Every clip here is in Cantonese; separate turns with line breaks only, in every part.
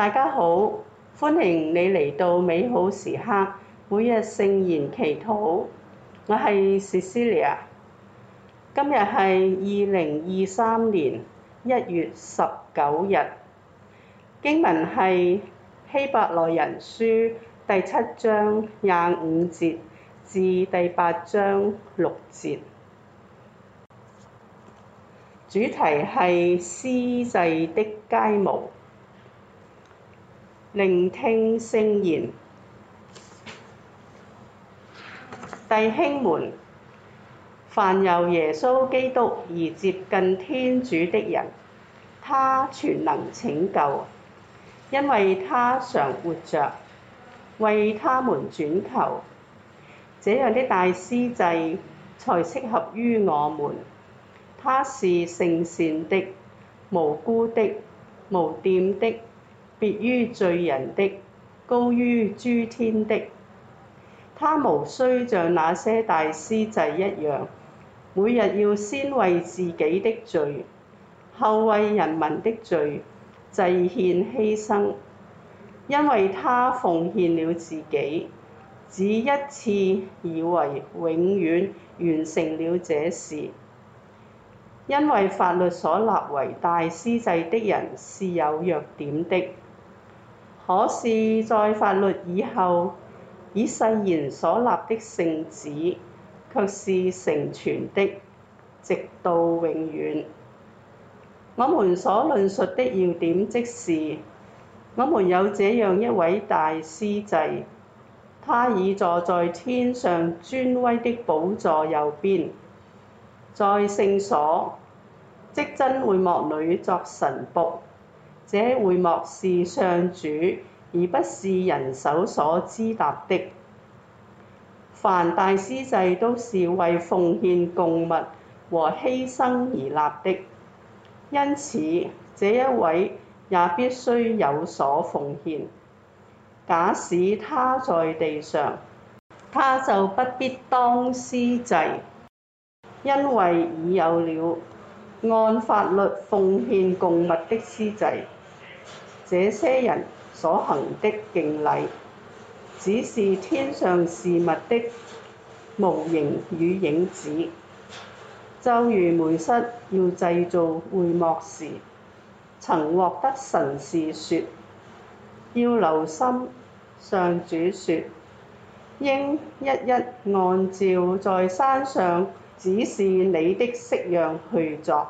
大家好，歡迎你嚟到美好時刻每日聖言祈禱。我係 Cecilia，今日係二零二三年一月十九日，經文係希伯來人書第七章廿五節至第八章六節，主題係司祭的楷模。聆聽聖言，弟兄們，凡由耶穌基督而接近天主的人，他全能拯救，因為他常活着，為他們轉求。這樣的大司祭才適合於我們。他是聖善的、無辜的、無玷的。別於罪人的，高於諸天的，他無須像那些大司祭一樣，每日要先為自己的罪，後為人民的罪，祭獻犧牲，因為他奉獻了自己，只一次而為永遠完成了這事。因為法律所立為大司祭的人是有弱點的。可是，在法律以後，以誓言所立的聖子，卻是成全的，直到永遠。我們所論述的要點，即是我們有這樣一位大司祭，他已坐在天上尊威的寶座右邊，在聖所，即真會幕裏作臣僕。這會幕是上主，而不是人手所支搭的。凡大司祭都是為奉獻供物和犧牲而立的，因此這一位也必須有所奉獻。假使他在地上，他就不必當司祭，因為已有了按法律奉獻供物的司祭。這些人所行的敬禮，只是天上事物的模型與影子。就如梅瑟要製造會幕時，曾獲得神示說：要留心上主説，應一一按照在山上指示你的式樣去作。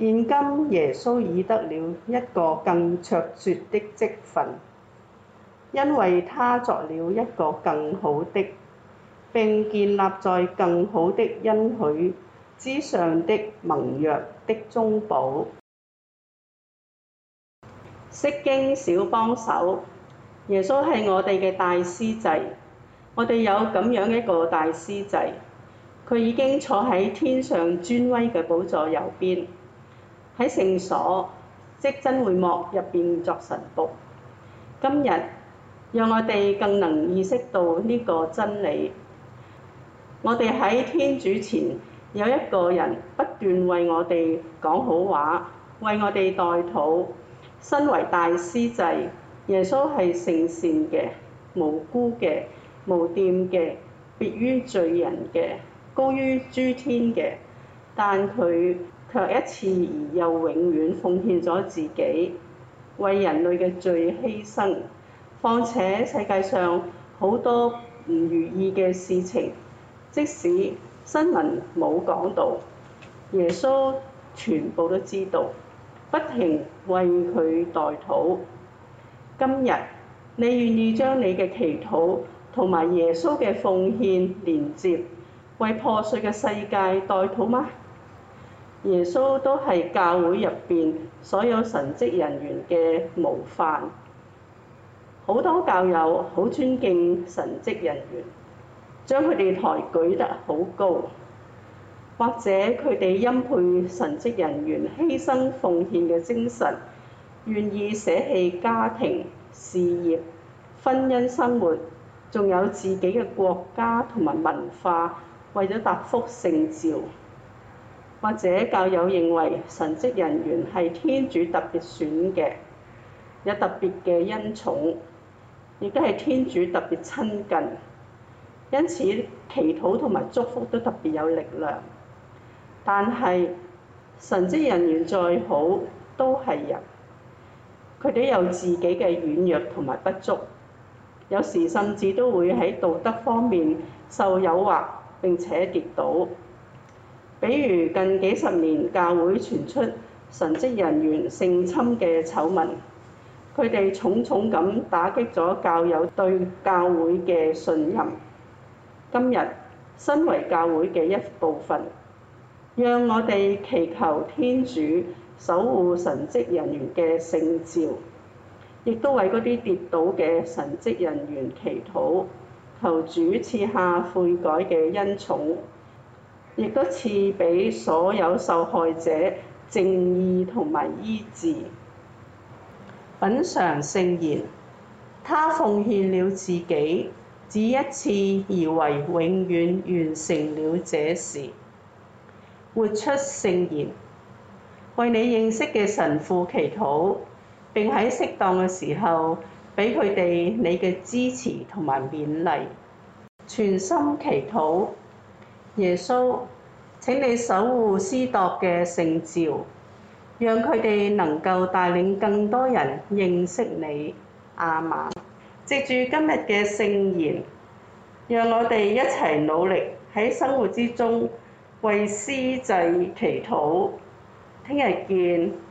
現今耶穌已得了一個更卓絕的職分，因為他作了一個更好的，並建立在更好的恩許之上的盟約的中保。釋經小幫手，耶穌係我哋嘅大司祭，我哋有咁樣一個大司祭，佢已經坐喺天上尊威嘅寶座右邊。喺聖所即真會幕入邊作臣僕，今日讓我哋更能意識到呢個真理。我哋喺天主前有一個人不斷為我哋講好話，為我哋代禱。身為大司祭，耶穌係聖善嘅、無辜嘅、無玷嘅、別於罪人嘅、高於諸天嘅，但佢，卻一次而又永遠奉獻咗自己，為人類嘅罪犧牲。況且世界上好多唔如意嘅事情，即使新聞冇講到，耶穌全部都知道，不停為佢代禱。今日你願意將你嘅祈禱同埋耶穌嘅奉獻連接，為破碎嘅世界代禱嗎？耶穌都係教會入邊所有神職人員嘅模範，好多教友好尊敬神職人員，將佢哋抬舉得好高，或者佢哋欽佩神職人員犧牲奉獻嘅精神，願意捨棄家庭、事業、婚姻生活，仲有自己嘅國家同埋文化，為咗答復聖召。或者教友認為神職人員係天主特別選嘅，有特別嘅恩寵，亦都係天主特別親近，因此祈禱同埋祝福都特別有力量。但係神職人員再好都係人，佢哋有自己嘅軟弱同埋不足，有時甚至都會喺道德方面受誘惑並且跌倒。比如近幾十年教會傳出神職人員性侵嘅醜聞，佢哋重重咁打擊咗教友對教會嘅信任。今日身為教會嘅一部分，讓我哋祈求天主守護神職人員嘅聖召，亦都為嗰啲跌倒嘅神職人員祈禱，求主賜下悔改嘅恩寵。亦都賜畀所有受害者正義同埋醫治。品嚐聖言，他奉獻了自己，只一次而為永遠完成了這事。活出聖言，為你認識嘅神父祈禱，並喺適當嘅時候畀佢哋你嘅支持同埋勉勵，全心祈禱。耶穌，請你守護司鐸嘅聖召，讓佢哋能夠帶領更多人認識你。阿們。藉住今日嘅聖言，讓我哋一齊努力喺生活之中為司祭祈禱。聽日見。